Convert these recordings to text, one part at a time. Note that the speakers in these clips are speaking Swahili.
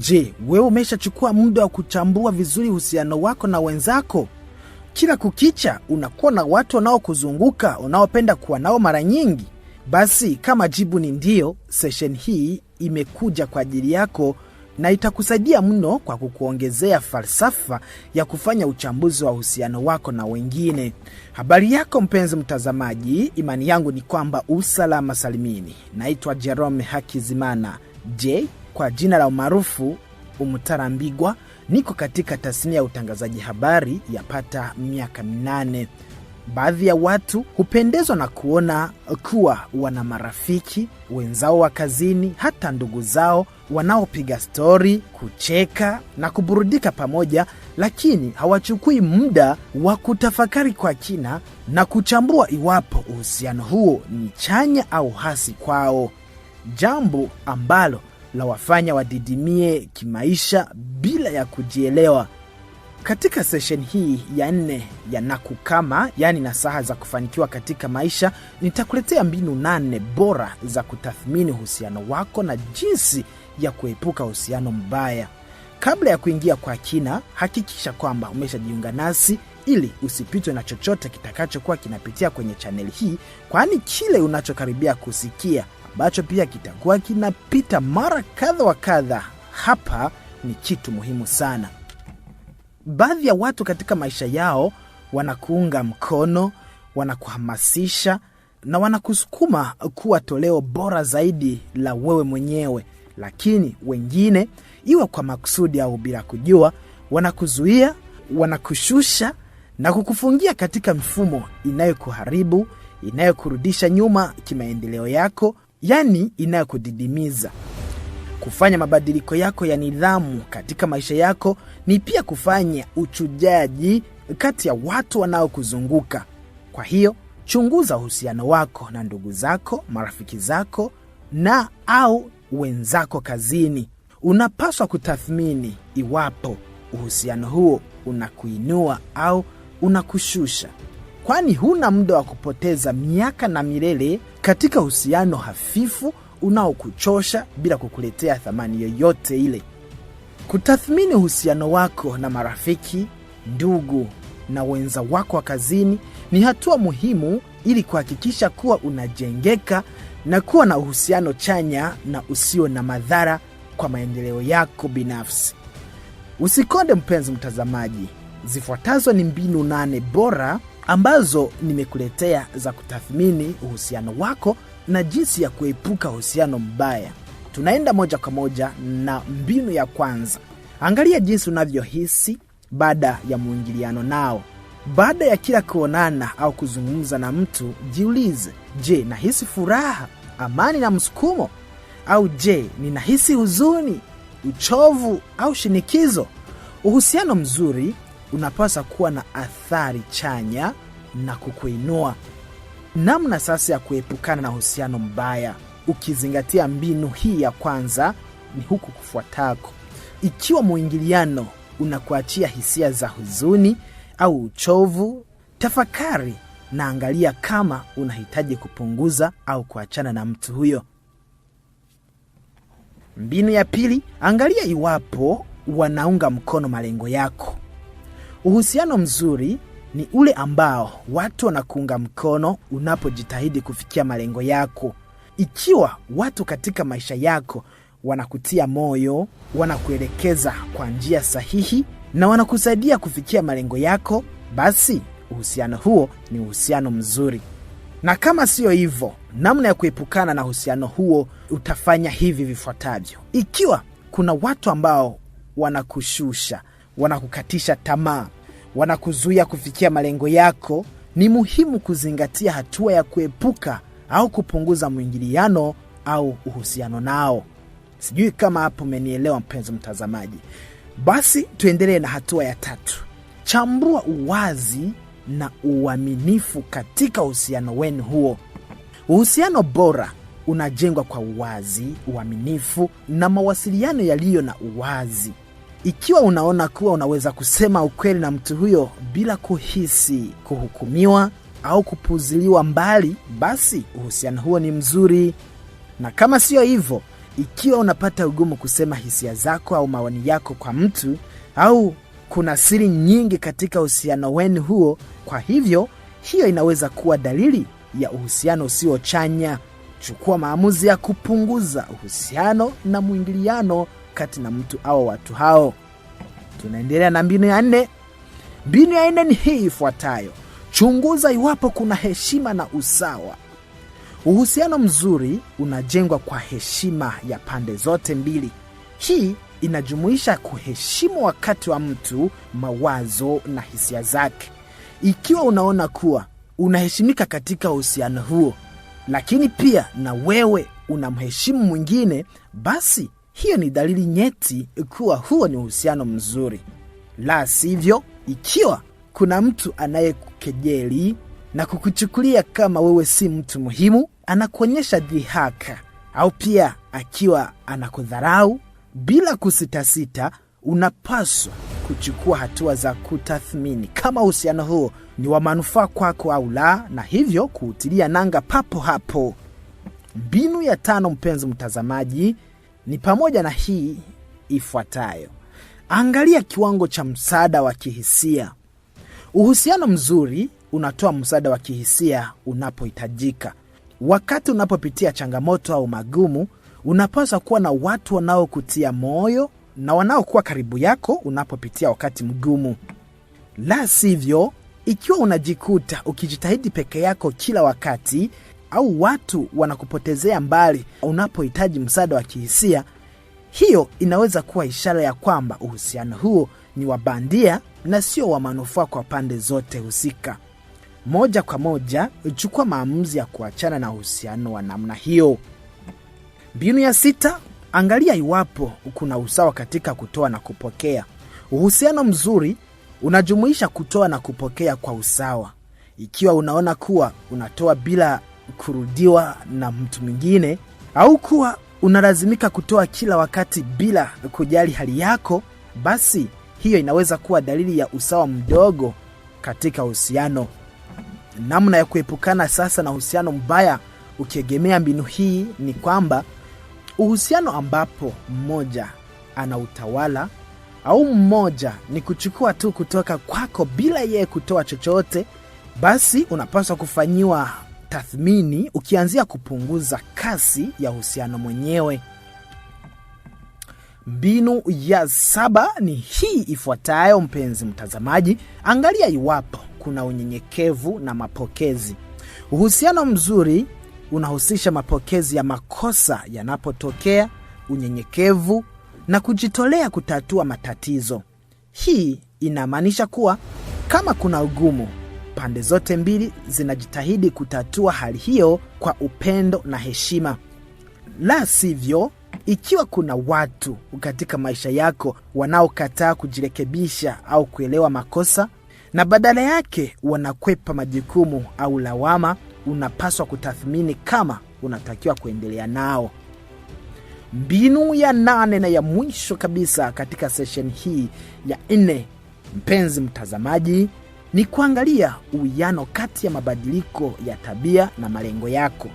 Je, wewe umeshachukua muda wa kuchambua vizuri uhusiano wako na wenzako? Kila kukicha unakuwa na watu wanaokuzunguka unaopenda kuwa nao mara nyingi. Basi kama jibu ni ndiyo, session hii imekuja kwa ajili yako na itakusaidia mno kwa kukuongezea falsafa ya kufanya uchambuzi wa uhusiano wako na wengine. Habari yako mpenzi mtazamaji, imani yangu ni kwamba usalama salimini. Naitwa Jerome Hakizimana. Je, kwa jina la umaarufu Umutarambirwa. Niko katika tasnia ya utangazaji habari yapata miaka minane. Baadhi ya watu hupendezwa na kuona kuwa wana marafiki wenzao wa kazini, hata ndugu zao wanaopiga stori, kucheka na kuburudika pamoja, lakini hawachukui muda wa kutafakari kwa kina na kuchambua iwapo uhusiano huo ni chanya au hasi kwao, jambo ambalo la wafanya wadidimie kimaisha bila ya kujielewa. Katika seshen hii ya nne ya Nakukama, yaani saha za kufanikiwa katika maisha, nitakuletea mbinu nane bora za kutathmini uhusiano wako na jinsi ya kuepuka uhusiano mbaya. Kabla ya kuingia kwa kina, hakikisha kwamba umeshajiunga nasi ili usipitwe na chochote kitakachokuwa kinapitia kwenye chaneli hii, kwani kile unachokaribia kusikia ambacho pia kitakuwa kinapita mara kadha wa kadha hapa, ni kitu muhimu sana. Baadhi ya watu katika maisha yao wanakuunga mkono, wanakuhamasisha na wanakusukuma kuwa toleo bora zaidi la wewe mwenyewe, lakini wengine, iwa kwa makusudi au bila kujua, wanakuzuia, wanakushusha na kukufungia katika mfumo inayokuharibu, inayokurudisha nyuma kimaendeleo yako yani inayokudidimiza. Kufanya mabadiliko yako ya nidhamu katika maisha yako ni pia kufanya uchujaji kati ya watu wanaokuzunguka. Kwa hiyo chunguza uhusiano wako na ndugu zako, marafiki zako na au wenzako kazini. Unapaswa kutathmini iwapo uhusiano huo unakuinua au unakushusha kwani huna muda wa kupoteza miaka na milele katika uhusiano hafifu unaokuchosha bila kukuletea thamani yoyote ile. Kutathmini uhusiano wako na marafiki, ndugu na wenza wako wa kazini ni hatua muhimu ili kuhakikisha kuwa unajengeka na kuwa na uhusiano chanya na usio na madhara kwa maendeleo yako binafsi. Usikonde mpenzi mtazamaji, zifuatazwa ni mbinu nane bora ambazo nimekuletea za kutathmini uhusiano wako na jinsi ya kuepuka uhusiano mbaya. Tunaenda moja kwa moja na mbinu ya kwanza. Angalia jinsi unavyohisi baada ya mwingiliano nao. Baada ya kila kuonana au kuzungumza na mtu, jiulize, je, nahisi furaha, amani na msukumo? Au je, ninahisi huzuni, uchovu au shinikizo? Uhusiano mzuri unapaswa kuwa na athari chanya na kukuinua. Namna sasa ya kuepukana na uhusiano mbaya, ukizingatia mbinu hii ya kwanza ni huku kufuatako: ikiwa mwingiliano unakuachia hisia za huzuni au uchovu, tafakari na angalia kama unahitaji kupunguza au kuachana na mtu huyo. Mbinu ya pili, angalia iwapo wanaunga mkono malengo yako. Uhusiano mzuri ni ule ambao watu wanakuunga mkono unapojitahidi kufikia malengo yako. Ikiwa watu katika maisha yako wanakutia moyo, wanakuelekeza kwa njia sahihi na wanakusaidia kufikia malengo yako, basi uhusiano huo ni uhusiano mzuri. Na kama siyo hivyo, namna ya kuepukana na uhusiano huo utafanya hivi vifuatavyo. Ikiwa kuna watu ambao wanakushusha, wanakukatisha tamaa, wanakuzuia kufikia malengo yako, ni muhimu kuzingatia hatua ya kuepuka au kupunguza mwingiliano au uhusiano nao. Sijui kama hapo umenielewa mpenzi mtazamaji. Basi tuendelee na hatua ya tatu. Chambua uwazi na uaminifu katika uhusiano wenu huo. Uhusiano bora unajengwa kwa uwazi, uaminifu na mawasiliano yaliyo na uwazi. Ikiwa unaona kuwa unaweza kusema ukweli na mtu huyo bila kuhisi kuhukumiwa au kupuziliwa mbali, basi uhusiano huo ni mzuri, na kama siyo hivyo, ikiwa unapata ugumu kusema hisia zako au maoni yako kwa mtu au kuna siri nyingi katika uhusiano wenu huo, kwa hivyo hiyo inaweza kuwa dalili ya uhusiano usiochanya Chukua maamuzi ya kupunguza uhusiano na mwingiliano kati na mtu au watu hao. Tunaendelea na mbinu ya nne. Mbinu ya nne ni hii ifuatayo: chunguza iwapo kuna heshima na usawa. Uhusiano mzuri unajengwa kwa heshima ya pande zote mbili. Hii inajumuisha kuheshimu wakati wa mtu, mawazo na hisia zake. Ikiwa unaona kuwa unaheshimika katika uhusiano huo, lakini pia na wewe unamheshimu mwingine, basi hiyo ni dalili nyeti kuwa huo ni uhusiano mzuri. La sivyo, ikiwa kuna mtu anayekukejeli na kukuchukulia kama wewe si mtu muhimu, anakuonyesha dhihaka au pia akiwa anakudharau bila kusitasita, unapaswa kuchukua hatua za kutathmini kama uhusiano huo ni wa manufaa kwako au la, na hivyo kuutilia nanga papo hapo. Mbinu ya tano, mpenzi mtazamaji, ni pamoja na hii ifuatayo. Angalia kiwango cha msaada wa kihisia. Uhusiano mzuri unatoa msaada wa kihisia unapohitajika. Wakati unapopitia changamoto au magumu, unapaswa kuwa na watu wanaokutia moyo na wanaokuwa karibu yako unapopitia wakati mgumu. La sivyo, ikiwa unajikuta ukijitahidi peke yako kila wakati au watu wanakupotezea mbali unapohitaji msaada wa kihisia, hiyo inaweza kuwa ishara ya kwamba uhusiano huo ni wa bandia na sio wa manufaa kwa pande zote husika. Moja kwa moja, chukua maamuzi ya kuachana na uhusiano wa namna hiyo. Mbinu ya sita, angalia iwapo kuna usawa katika kutoa na kupokea. Uhusiano mzuri unajumuisha kutoa na kupokea kwa usawa. Ikiwa unaona kuwa unatoa bila kurudiwa na mtu mwingine au kuwa unalazimika kutoa kila wakati bila kujali hali yako, basi hiyo inaweza kuwa dalili ya usawa mdogo katika uhusiano. Namna ya kuepukana sasa na uhusiano mbaya ukiegemea mbinu hii ni kwamba uhusiano ambapo mmoja ana utawala au mmoja ni kuchukua tu kutoka kwako bila yeye kutoa chochote, basi unapaswa kufanyiwa tathmini, ukianzia kupunguza kasi ya uhusiano mwenyewe. Mbinu ya saba ni hii ifuatayo, mpenzi mtazamaji, angalia iwapo kuna unyenyekevu na mapokezi. Uhusiano mzuri unahusisha mapokezi ya makosa yanapotokea, unyenyekevu na kujitolea kutatua matatizo. Hii inamaanisha kuwa kama kuna ugumu Pande zote mbili zinajitahidi kutatua hali hiyo kwa upendo na heshima. La sivyo, ikiwa kuna watu katika maisha yako wanaokataa kujirekebisha au kuelewa makosa na badala yake wanakwepa majukumu au lawama, unapaswa kutathmini kama unatakiwa kuendelea nao. Mbinu ya nane na ya mwisho kabisa katika sesheni hii ya nne, mpenzi mtazamaji, ni kuangalia uwiano kati ya mabadiliko ya tabia na malengo yako.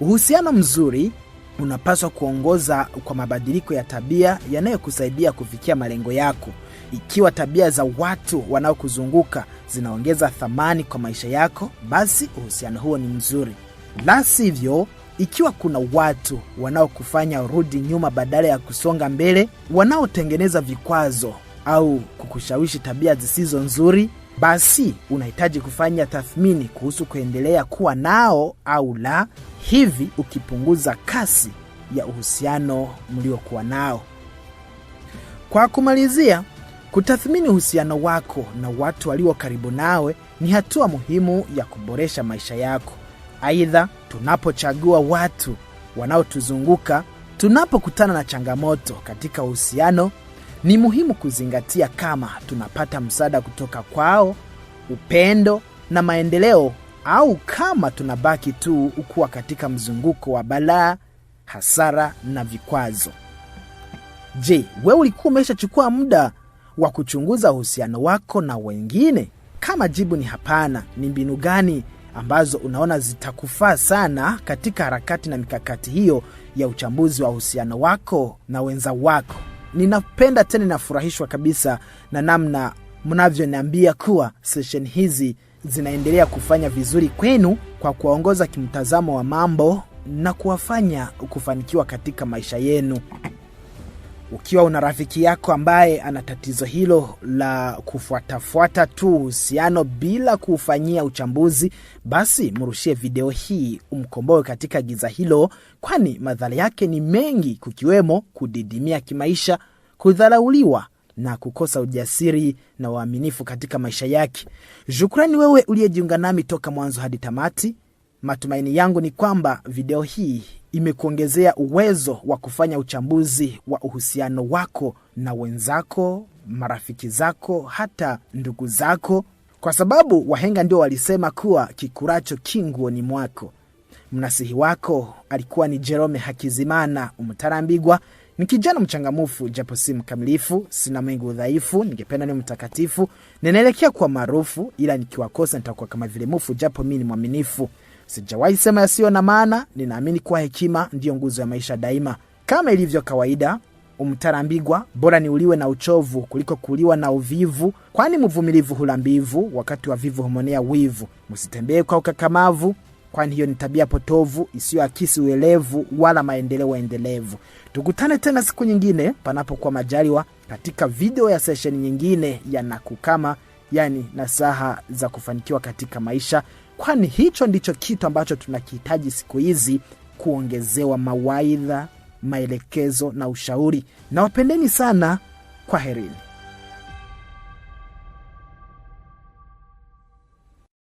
Uhusiano mzuri unapaswa kuongoza kwa mabadiliko ya tabia yanayokusaidia kufikia malengo yako. Ikiwa tabia za watu wanaokuzunguka zinaongeza thamani kwa maisha yako, basi uhusiano huo ni mzuri. La sivyo, ikiwa kuna watu wanaokufanya rudi nyuma badala ya kusonga mbele, wanaotengeneza vikwazo au kukushawishi tabia zisizo nzuri, basi unahitaji kufanya tathmini kuhusu kuendelea kuwa nao au la, hivi ukipunguza kasi ya uhusiano mliokuwa nao. Kwa kumalizia, kutathmini uhusiano wako na watu walio karibu nawe ni hatua muhimu ya kuboresha maisha yako. Aidha, tunapochagua watu wanaotuzunguka, tunapokutana na changamoto katika uhusiano ni muhimu kuzingatia kama tunapata msaada kutoka kwao, upendo na maendeleo, au kama tunabaki tu kuwa katika mzunguko wa balaa, hasara na vikwazo. Je, wewe ulikuwa umeshachukua muda wa kuchunguza uhusiano wako na wengine? Kama jibu ni hapana, ni mbinu gani ambazo unaona zitakufaa sana katika harakati na mikakati hiyo ya uchambuzi wa uhusiano wako na wenza wako? ninapenda tena inafurahishwa kabisa na namna mnavyoniambia kuwa seshen hizi zinaendelea kufanya vizuri kwenu kwa kuwaongoza kimtazamo wa mambo na kuwafanya kufanikiwa katika maisha yenu. Ukiwa una rafiki yako ambaye ana tatizo hilo la kufuatafuata tu uhusiano bila kuufanyia uchambuzi, basi mrushie video hii umkomboe katika giza hilo, kwani madhara yake ni mengi, kukiwemo kudidimia kimaisha, kudharauliwa na kukosa ujasiri na uaminifu katika maisha yake. Shukrani wewe uliyejiunga nami toka mwanzo hadi tamati. Matumaini yangu ni kwamba video hii imekuongezea uwezo wa kufanya uchambuzi wa uhusiano wako na wenzako, marafiki zako, hata ndugu zako, kwa sababu wahenga ndio walisema kuwa kikuracho kinguoni mwako. Mnasihi wako alikuwa ni Jerome Hakizimana Umutarambirwa. Ni kijana mchangamfu, japo si mkamilifu, sina mwingi udhaifu, ningependa ni mtakatifu, ninaelekea kwa maarufu, ila nikiwakosa nitakuwa kama vile mufu, japo mi ni mwaminifu. Sijawahi sema yasiyo na maana. Ninaamini kuwa hekima ndiyo nguzo ya maisha daima. Kama ilivyo kawaida, umtarambigwa, bora ni uliwe na uchovu kuliko kuliwa na uvivu, kwani mvumilivu hula mbivu, wakati wa vivu humonea wivu. Msitembee kwa ukakamavu, kwani hiyo ni tabia potovu isiyoakisi uelevu wala maendeleo endelevu. Tukutane tena siku nyingine, panapokuwa majaliwa, katika video ya sesheni nyingine ya Nakukama, yani nasaha za kufanikiwa katika maisha kwani hicho ndicho kitu ambacho tunakihitaji siku hizi, kuongezewa mawaidha, maelekezo na ushauri. na wapendeni sana, kwa herini